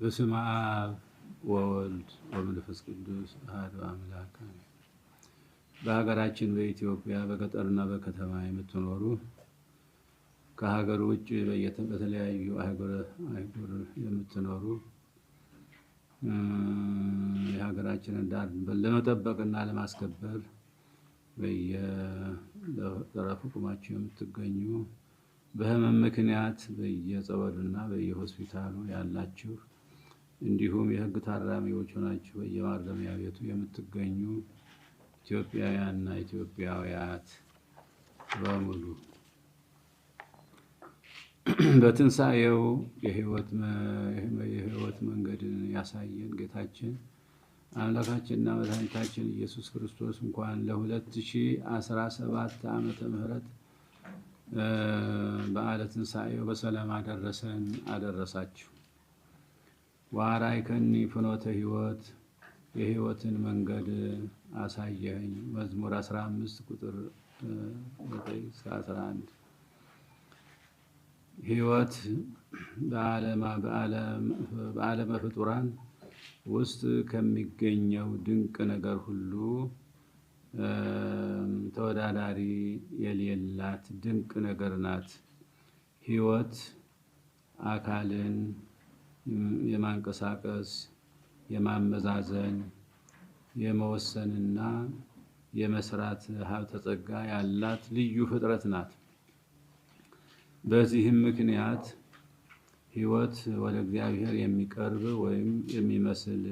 በስመ አብ ወወልድ ወመንፈስ ቅዱስ አሐዱ አምላክ። በሀገራችን በኢትዮጵያ በገጠርና በከተማ የምትኖሩ ከሀገር ውጭ በተለያዩ አህጉር የምትኖሩ የሀገራችንን ዳር ለመጠበቅና ለማስከበር በየጠረፉ ቁማችሁ የምትገኙ በህመም ምክንያት በየጸበሉና በየሆስፒታሉ ያላችሁ እንዲሁም የህግ ታራሚዎች ሆናችሁ በየማረሚያ ቤቱ የምትገኙ ኢትዮጵያውያንና ኢትዮጵያውያት በሙሉ በትንሣኤው የህይወት መንገድን ያሳየን ጌታችን አምላካችንና መድኃኒታችን ኢየሱስ ክርስቶስ እንኳን ለ2017 ዓመተ ምህረት በዓለ ትንሣኤው በሰላም አደረሰን አደረሳችሁ። ዋራይከኒ ፍኖተ ሕይወት የሕይወትን መንገድ አሳየኝ። መዝሙር 15 ቁጥር 11 ሕይወት በዓለመ ፍጡራን ውስጥ ከሚገኘው ድንቅ ነገር ሁሉ ተወዳዳሪ የሌላት ድንቅ ነገር ናት። ህይወት አካልን የማንቀሳቀስ የማመዛዘን የመወሰንና የመስራት ሀብተ ጸጋ ያላት ልዩ ፍጥረት ናት። በዚህም ምክንያት ህይወት ወደ እግዚአብሔር የሚቀርብ ወይም የሚመስል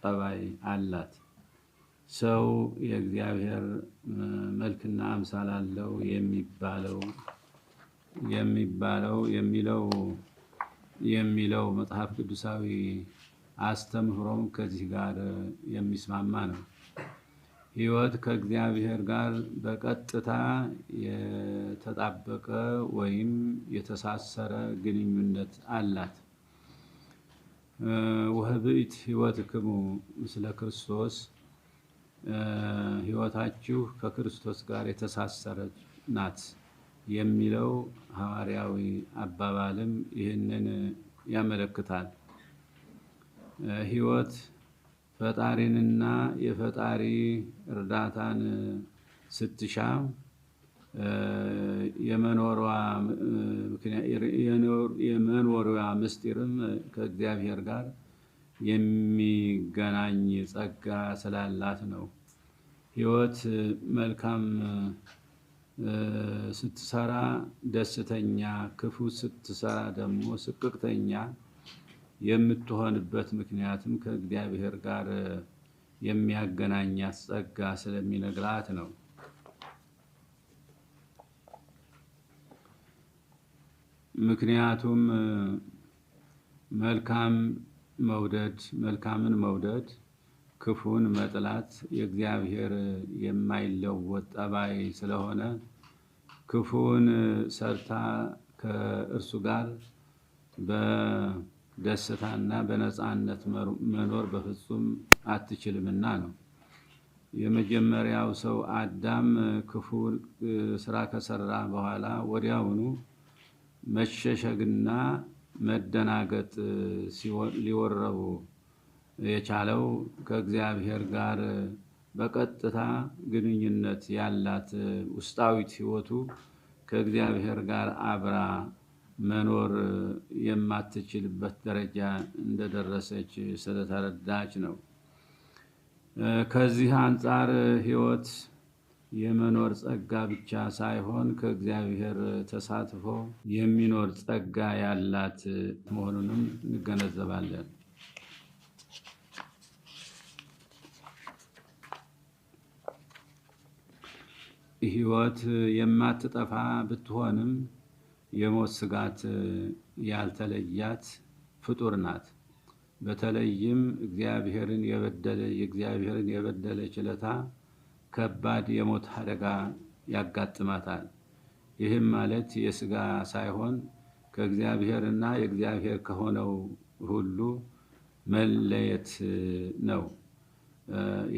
ጠባይ አላት። ሰው የእግዚአብሔር መልክና አምሳል አለው የሚባለው የሚባለው የሚለው የሚለው መጽሐፍ ቅዱሳዊ አስተምህሮም ከዚህ ጋር የሚስማማ ነው። ሕይወት ከእግዚአብሔር ጋር በቀጥታ የተጣበቀ ወይም የተሳሰረ ግንኙነት አላት። ወህብእት ክሙ ምስለ ክርስቶስ ህይወታችሁ ከክርስቶስ ጋር የተሳሰረች ናት የሚለው ሐዋርያዊ አባባልም ይህንን ያመለክታል። ህይወት ፈጣሪንና የፈጣሪ እርዳታን ስትሻ የመኖሪዋ ምስጢርም ከእግዚአብሔር ጋር የሚገናኝ ጸጋ ስላላት ነው። ህይወት መልካም ስትሰራ ደስተኛ፣ ክፉ ስትሰራ ደግሞ ስቅቅተኛ የምትሆንበት ምክንያትም ከእግዚአብሔር ጋር የሚያገናኛት ጸጋ ስለሚነግራት ነው። ምክንያቱም መልካም መውደድ መልካምን መውደድ ክፉን መጥላት የእግዚአብሔር የማይለወጥ ጠባይ ስለሆነ ክፉን ሰርታ ከእርሱ ጋር በደስታና በነፃነት መኖር በፍጹም አትችልምና ነው። የመጀመሪያው ሰው አዳም ክፉ ስራ ከሰራ በኋላ ወዲያውኑ መሸሸግና መደናገጥ ሊወረቡ የቻለው ከእግዚአብሔር ጋር በቀጥታ ግንኙነት ያላት ውስጣዊት ሕይወቱ ከእግዚአብሔር ጋር አብራ መኖር የማትችልበት ደረጃ እንደደረሰች ስለተረዳች ነው። ከዚህ አንጻር ሕይወት የመኖር ጸጋ ብቻ ሳይሆን ከእግዚአብሔር ተሳትፎ የሚኖር ጸጋ ያላት መሆኑንም እንገነዘባለን። ሕይወት የማትጠፋ ብትሆንም የሞት ስጋት ያልተለያት ፍጡር ናት። በተለይም እግዚአብሔርን የበደለ የእግዚአብሔርን የበደለ ችለታ ከባድ የሞት አደጋ ያጋጥማታል። ይህም ማለት የስጋ ሳይሆን ከእግዚአብሔርና የእግዚአብሔር ከሆነው ሁሉ መለየት ነው።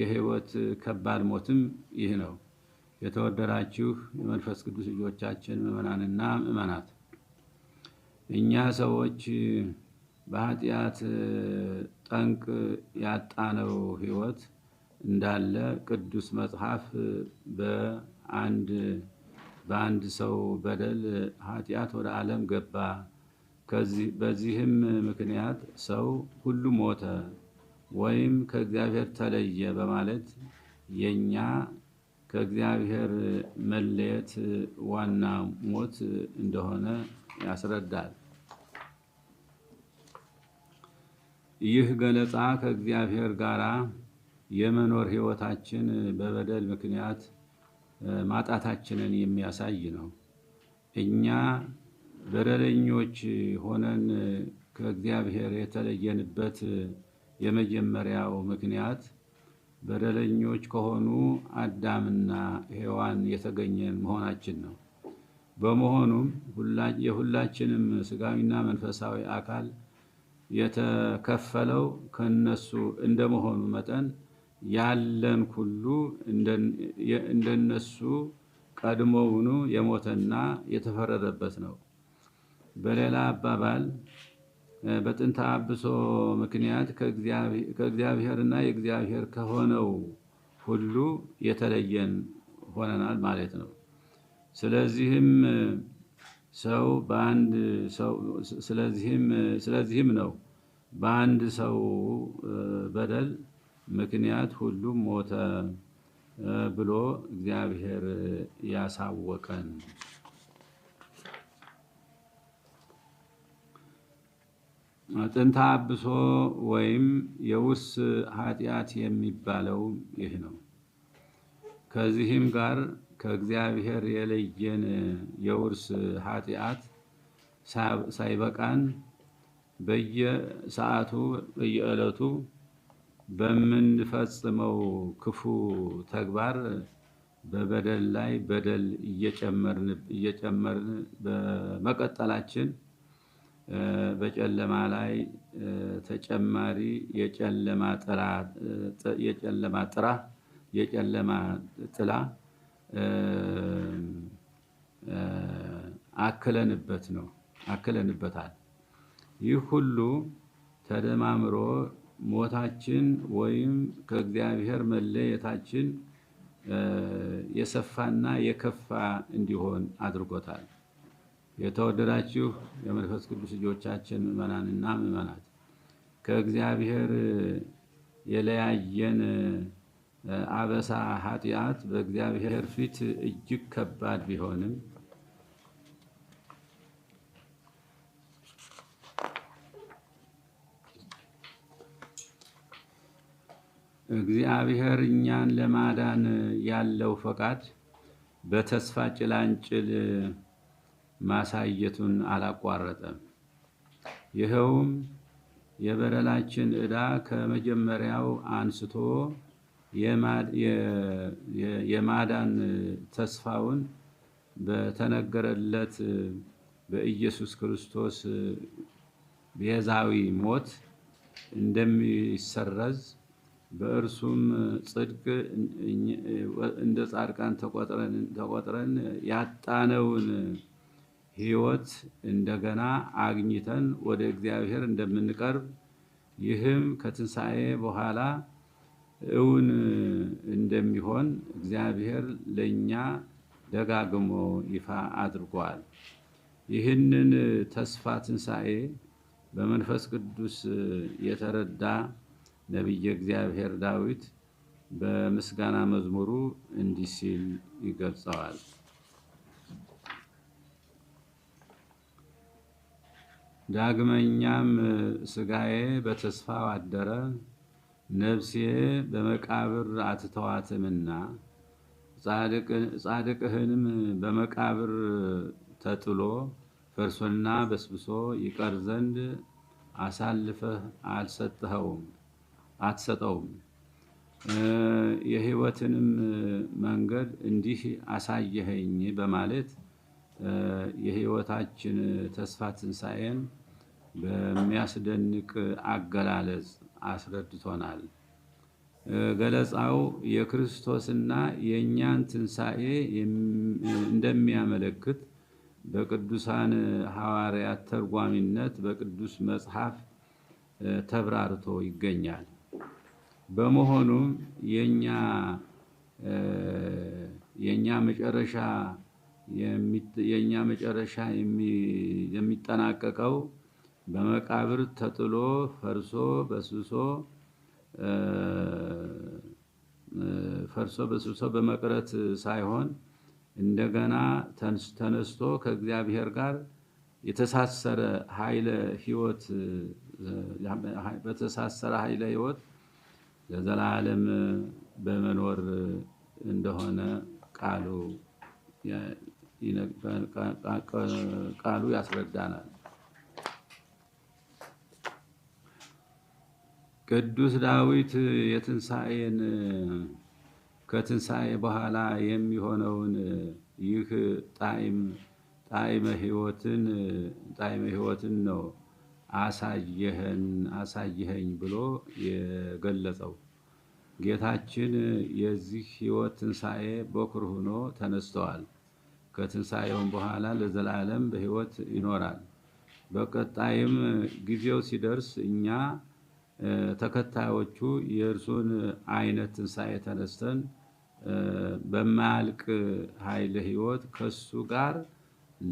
የሕይወት ከባድ ሞትም ይህ ነው። የተወደዳችሁ የመንፈስ ቅዱስ ልጆቻችን ምዕመናንና ምዕመናት እኛ ሰዎች በኃጢአት ጠንቅ ያጣነው ሕይወት እንዳለ ቅዱስ መጽሐፍ በአንድ በአንድ ሰው በደል ኃጢአት ወደ ዓለም ገባ፣ በዚህም ምክንያት ሰው ሁሉ ሞተ ወይም ከእግዚአብሔር ተለየ በማለት የእኛ ከእግዚአብሔር መለየት ዋና ሞት እንደሆነ ያስረዳል። ይህ ገለጻ ከእግዚአብሔር ጋር የመኖር ሕይወታችን በበደል ምክንያት ማጣታችንን የሚያሳይ ነው። እኛ በደለኞች ሆነን ከእግዚአብሔር የተለየንበት የመጀመሪያው ምክንያት በደለኞች ከሆኑ አዳምና ሔዋን የተገኘን መሆናችን ነው። በመሆኑም የሁላችንም ስጋዊና መንፈሳዊ አካል የተከፈለው ከነሱ እንደመሆኑ መጠን ያለን ሁሉ እንደነሱ ቀድሞውኑ የሞተና የተፈረደበት ነው። በሌላ አባባል በጥንተ አብሶ ምክንያት ከእግዚአብሔርና የእግዚአብሔር ከሆነው ሁሉ የተለየን ሆነናል ማለት ነው። ስለዚህም ሰው በአንድ ሰው ስለዚህም ስለዚህም ነው በአንድ ሰው በደል ምክንያት ሁሉም ሞተ ብሎ እግዚአብሔር ያሳወቀን። ጥንታ አብሶ ወይም የውርስ ኃጢአት የሚባለው ይህ ነው። ከዚህም ጋር ከእግዚአብሔር የለየን የውርስ ኃጢአት ሳይበቃን በየሰዓቱ በየዕለቱ በምንፈጽመው ክፉ ተግባር በበደል ላይ በደል እየጨመርን በመቀጠላችን በጨለማ ላይ ተጨማሪ የጨለማ ጥራ የጨለማ ጥላ አክለንበት ነው አክለንበታል። ይህ ሁሉ ተደማምሮ ሞታችን ወይም ከእግዚአብሔር መለየታችን የሰፋና የከፋ እንዲሆን አድርጎታል። የተወደዳችሁ የመንፈስ ቅዱስ ልጆቻችን ምዕመናንና ምዕመናት ከእግዚአብሔር የለያየን አበሳ ኃጢአት በእግዚአብሔር ፊት እጅግ ከባድ ቢሆንም እግዚአብሔር እኛን ለማዳን ያለው ፈቃድ በተስፋ ጭላንጭል ማሳየቱን አላቋረጠም። ይኸውም የበደላችን ዕዳ ከመጀመሪያው አንስቶ የማዳን ተስፋውን በተነገረለት በኢየሱስ ክርስቶስ ቤዛዊ ሞት እንደሚሰረዝ በእርሱም ጽድቅ እንደ ጻድቃን ተቆጥረን ያጣነውን ሕይወት እንደገና አግኝተን ወደ እግዚአብሔር እንደምንቀርብ ይህም ከትንሣኤ በኋላ እውን እንደሚሆን እግዚአብሔር ለእኛ ደጋግሞ ይፋ አድርጓል። ይህንን ተስፋ ትንሣኤ በመንፈስ ቅዱስ የተረዳ ነቢየ እግዚአብሔር ዳዊት በምስጋና መዝሙሩ እንዲህ ሲል ይገልጸዋል። ዳግመኛም ስጋዬ በተስፋ አደረ፣ ነፍሴ በመቃብር አትተዋትምና ጻድቅህንም በመቃብር ተጥሎ ፈርሶና በስብሶ ይቀር ዘንድ አሳልፈህ አልሰጠኸውም አትሰጠውም። የህይወትንም መንገድ እንዲህ አሳየኸኝ በማለት የህይወታችን ተስፋ ትንሣኤን በሚያስደንቅ አገላለጽ አስረድቶናል። ገለጻው የክርስቶስና የእኛን ትንሣኤ እንደሚያመለክት በቅዱሳን ሐዋርያት ተርጓሚነት በቅዱስ መጽሐፍ ተብራርቶ ይገኛል። በመሆኑም የእኛ መጨረሻ የኛ መጨረሻ የሚጠናቀቀው በመቃብር ተጥሎ ፈርሶ በስሶ ፈርሶ በስሶ በመቅረት ሳይሆን እንደገና ተነስቶ ከእግዚአብሔር ጋር የተሳሰረ ኃይለ ሕይወት በተሳሰረ ኃይለ ሕይወት ለዘላለም በመኖር እንደሆነ ቃሉ ቃሉ ያስረዳናል። ቅዱስ ዳዊት የትንሣኤን ከትንሣኤ በኋላ የሚሆነውን ይህ ጣዕም ጣዕመ ሕይወትን ጣዕመ ሕይወትን ነው አሳየኸን አሳየኸኝ ብሎ የገለጸው ጌታችን የዚህ ሕይወት ትንሣኤ በኩር ሆኖ ተነስተዋል። ከትንሣኤውም በኋላ ለዘላለም በሕይወት ይኖራል። በቀጣይም ጊዜው ሲደርስ እኛ ተከታዮቹ የእርሱን አይነት ትንሣኤ ተነስተን በማያልቅ ኃይል ህይወት ከሱ ጋር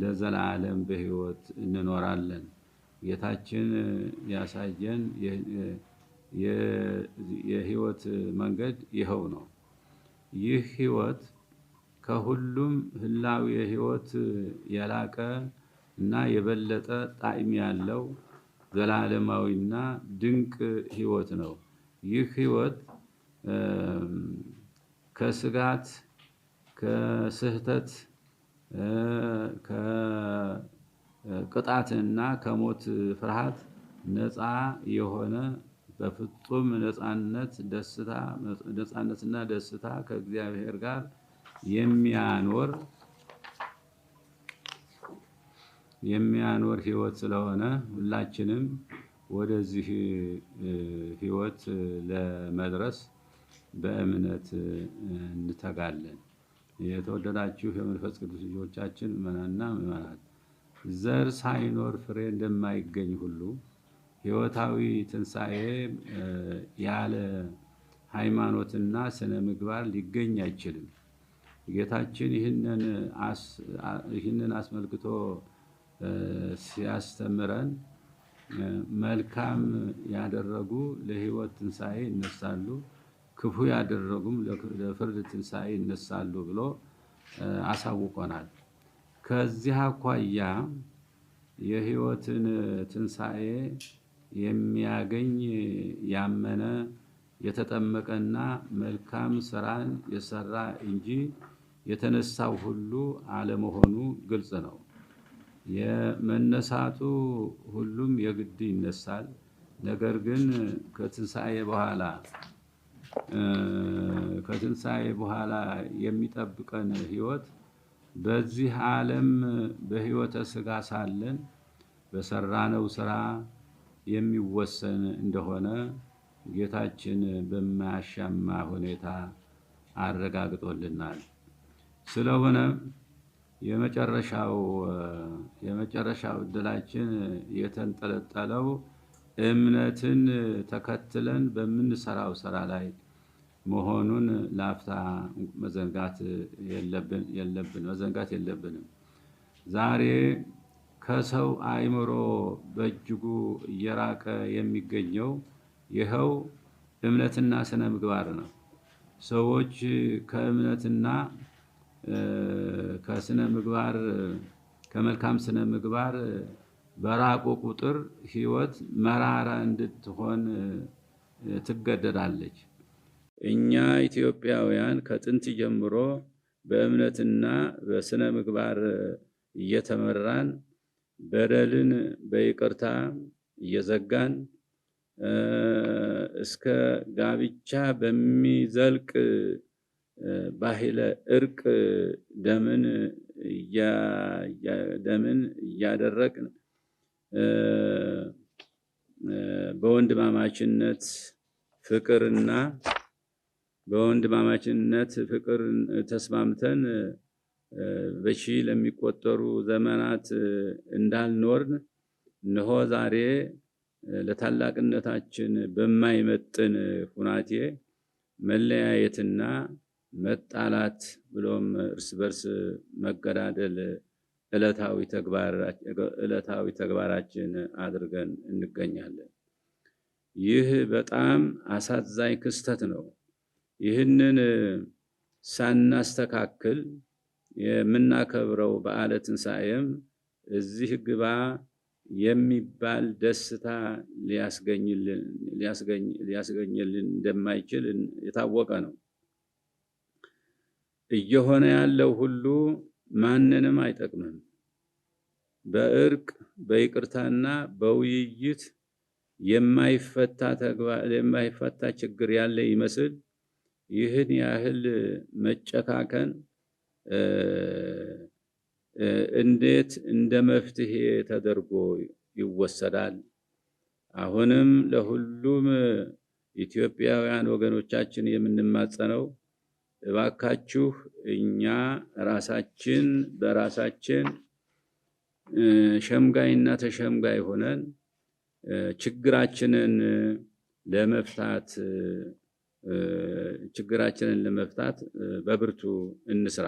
ለዘላለም በህይወት እንኖራለን። ጌታችን ያሳየን የህይወት መንገድ ይኸው ነው። ይህ ህይወት ከሁሉም ህላዊ የህይወት የላቀ እና የበለጠ ጣዕም ያለው ዘላለማዊና ድንቅ ህይወት ነው። ይህ ህይወት ከስጋት፣ ከስህተት፣ ከቅጣትና ከሞት ፍርሃት ነፃ የሆነ በፍጹም ነፃነት ደስታ ነፃነትና ደስታ ከእግዚአብሔር ጋር የሚያኖር የሚያኖር ህይወት ስለሆነ ሁላችንም ወደዚህ ህይወት ለመድረስ በእምነት እንተጋለን። የተወደዳችሁ የመንፈስ ቅዱስ ልጆቻችን መናና ምዕመናት ዘር ሳይኖር ፍሬ እንደማይገኝ ሁሉ ህይወታዊ ትንሣኤ ያለ ሃይማኖትና ስነ ምግባር ሊገኝ አይችልም። ጌታችን ይህንን አስመልክቶ ሲያስተምረን መልካም ያደረጉ ለሕይወት ትንሣኤ ይነሳሉ፣ ክፉ ያደረጉም ለፍርድ ትንሣኤ ይነሳሉ ብሎ አሳውቆናል። ከዚህ አኳያ የሕይወትን ትንሣኤ የሚያገኝ ያመነ የተጠመቀና መልካም ስራን የሰራ እንጂ የተነሳው ሁሉ አለመሆኑ ግልጽ ነው። የመነሳቱ ሁሉም የግድ ይነሳል። ነገር ግን ከትንሣኤ በኋላ ከትንሣኤ በኋላ የሚጠብቀን ህይወት በዚህ ዓለም በህይወተ ስጋ ሳለን በሰራነው ስራ የሚወሰን እንደሆነ ጌታችን በማያሻማ ሁኔታ አረጋግጦልናል። ስለሆነ የመጨረሻው የመጨረሻው እድላችን የተንጠለጠለው እምነትን ተከትለን በምንሰራው ስራ ላይ መሆኑን ላፍታ መዘንጋት የለብን መዘንጋት የለብንም። ዛሬ ከሰው አእምሮ በእጅጉ እየራቀ የሚገኘው ይኸው እምነትና ስነ ምግባር ነው። ሰዎች ከእምነትና ከስነ ምግባር ከመልካም ስነ ምግባር በራቁ ቁጥር ህይወት መራራ እንድትሆን ትገደዳለች። እኛ ኢትዮጵያውያን ከጥንት ጀምሮ በእምነትና በስነ ምግባር እየተመራን በደልን በይቅርታ እየዘጋን እስከ ጋብቻ በሚዘልቅ ባህለ እርቅ ደምን ደምን እያደረቅን በወንድማማችነት ፍቅርና በወንድማማችነት ፍቅር ተስማምተን በሺ ለሚቆጠሩ ዘመናት እንዳልኖርን እነሆ ዛሬ ለታላቅነታችን በማይመጥን ሁናቴ መለያየትና መጣላት ብሎም እርስ በርስ መገዳደል ዕለታዊ ተግባራችን አድርገን እንገኛለን። ይህ በጣም አሳዛኝ ክስተት ነው። ይህንን ሳናስተካክል የምናከብረው በዓለ ትንሣኤም እዚህ ግባ የሚባል ደስታ ሊያስገኝልን እንደማይችል የታወቀ ነው። እየሆነ ያለው ሁሉ ማንንም አይጠቅምም። በእርቅ በይቅርታና በውይይት የማይፈታ ተግባር የማይፈታ ችግር ያለ ይመስል ይህን ያህል መጨካከን እንዴት እንደ መፍትሄ ተደርጎ ይወሰዳል? አሁንም ለሁሉም ኢትዮጵያውያን ወገኖቻችን የምንማጸነው እባካችሁ እኛ ራሳችን በራሳችን ሸምጋይና ተሸምጋይ ሆነን ችግራችንን ለመፍታት ችግራችንን ለመፍታት በብርቱ እንስራ፣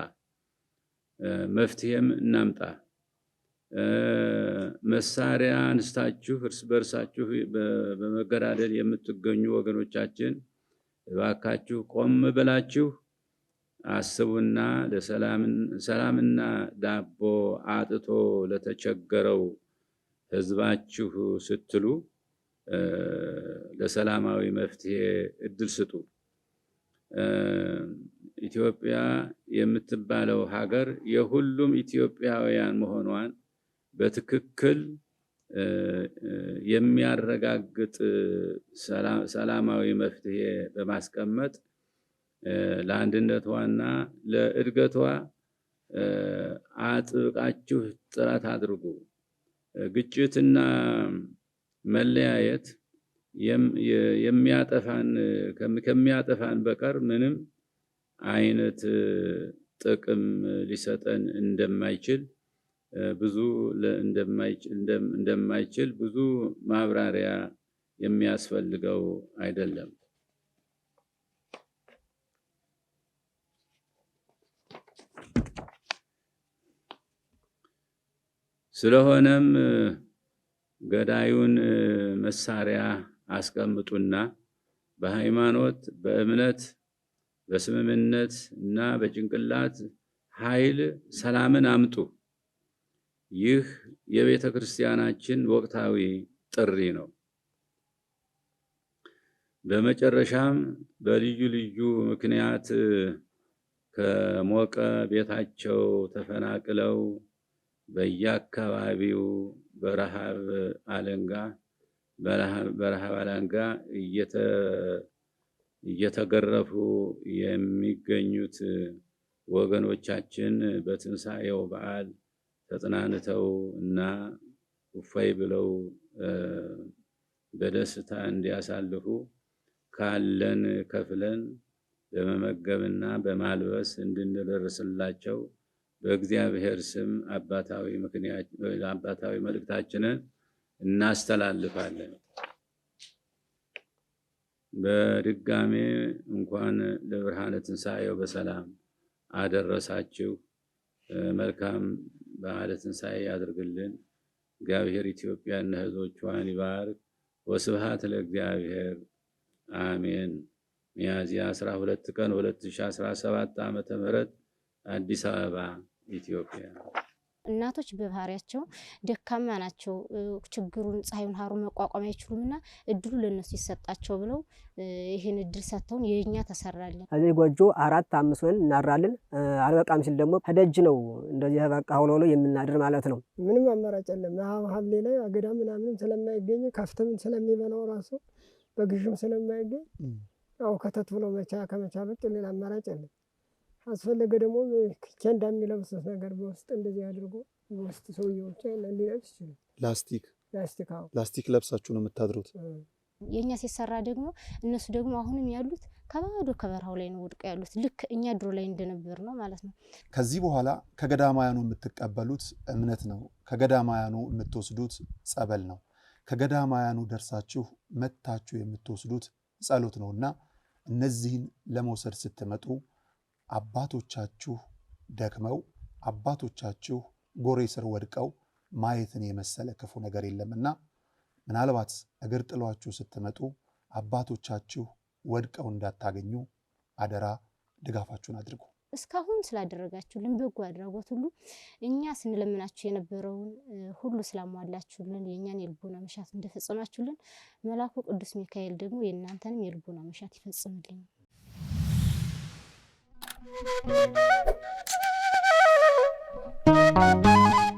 መፍትሄም እናምጣ። መሳሪያ አንስታችሁ እርስ በርሳችሁ በመገዳደል የምትገኙ ወገኖቻችን እባካችሁ ቆም ብላችሁ አስቡና ሰላምና ዳቦ አጥቶ ለተቸገረው ህዝባችሁ ስትሉ ለሰላማዊ መፍትሄ እድል ስጡ። ኢትዮጵያ የምትባለው ሀገር የሁሉም ኢትዮጵያውያን መሆኗን በትክክል የሚያረጋግጥ ሰላማዊ መፍትሄ በማስቀመጥ ለአንድነቷና ለእድገቷ አጥብቃችሁ ጥረት አድርጉ። ግጭትና መለያየት የሚያጠፋን ከሚያጠፋን በቀር ምንም አይነት ጥቅም ሊሰጠን እንደማይችል ብዙ እንደማይችል ብዙ ማብራሪያ የሚያስፈልገው አይደለም። ስለሆነም ገዳዩን መሳሪያ አስቀምጡና በሃይማኖት፣ በእምነት፣ በስምምነት እና በጭንቅላት ኃይል ሰላምን አምጡ። ይህ የቤተ ክርስቲያናችን ወቅታዊ ጥሪ ነው። በመጨረሻም በልዩ ልዩ ምክንያት ከሞቀ ቤታቸው ተፈናቅለው በየአካባቢው በረሃብ አለንጋ በረሃብ አለንጋ እየተገረፉ የሚገኙት ወገኖቻችን በትንሣኤው በዓል ተጽናንተው እና ኩፋይ ብለው በደስታ እንዲያሳልፉ ካለን ከፍለን በመመገብና በማልበስ እንድንደርስላቸው በእግዚአብሔር ስም አባታዊ ምክንያት አባታዊ መልእክታችንን እናስተላልፋለን። በድጋሜ እንኳን ለብርሃነ ትንሣኤው በሰላም አደረሳችሁ። መልካም በዓለ ትንሣኤ ያድርግልን። እግዚአብሔር ኢትዮጵያና ሕዝቦቿን ይባርክ። ወስብሃት ለእግዚአብሔር አሜን። ሚያዝያ 12 ቀን 2017 ዓ ም አዲስ አበባ ኢትዮጵያ እናቶች በባህሪያቸው ደካማ ናቸው። ችግሩን ፀሐዩን ሀሩ መቋቋም አይችሉም እና እድሉ ለእነሱ ይሰጣቸው ብለው ይህን እድል ሰጥተውን የእኛ ተሰራለን። ከዚህ ጎጆ አራት አምስት ወን እናድራለን። አልበቃም ሲል ደግሞ ከደጅ ነው እንደዚህ ተበቃ ሆኖ የምናድር ማለት ነው። ምንም አማራጭ የለም። ሐምሌ ላይ አገዳ ምናምንም ስለማይገኝ ከፍትምን ስለሚበላው ራሱ በግዥም ስለማይገኝ ያው ከተት ብሎ መቻ ከመቻ በቅ ሌላ አማራጭ የለም። አስፈለገ ደግሞ ኬንዳ የሚለብሱት ነገር በውስጥ እንደዚህ አድርጎ በውስጥ ሰውየው ሊለብስ ይችላል። ላስቲክ ላስቲክ ላስቲክ ለብሳችሁ ነው የምታድሩት። የእኛ ሲሰራ ደግሞ እነሱ ደግሞ አሁንም ያሉት ከባዶ ከበረሃው ላይ ነው ወድቀው ያሉት። ልክ እኛ ድሮ ላይ እንደነበር ነው ማለት ነው። ከዚህ በኋላ ከገዳማያኑ የምትቀበሉት እምነት ነው። ከገዳማያኑ የምትወስዱት ጸበል ነው። ከገዳማያኑ ደርሳችሁ መታችሁ የምትወስዱት ጸሎት ነው እና እነዚህን ለመውሰድ ስትመጡ አባቶቻችሁ ደክመው አባቶቻችሁ ጎሬ ስር ወድቀው ማየትን የመሰለ ክፉ ነገር የለምና ምናልባት እግር ጥሏችሁ ስትመጡ አባቶቻችሁ ወድቀው እንዳታገኙ አደራ ድጋፋችሁን አድርጉ። እስካሁን ስላደረጋችሁልን በጎ አድራጎት ሁሉ እኛ ስንለምናችሁ የነበረውን ሁሉ ስላሟላችሁልን የእኛን የልቦና መሻት እንደፈጸማችሁልን መላኩ ቅዱስ ሚካኤል ደግሞ የእናንተንም የልቦና መሻት ይፈጽምልኝ። Thank you.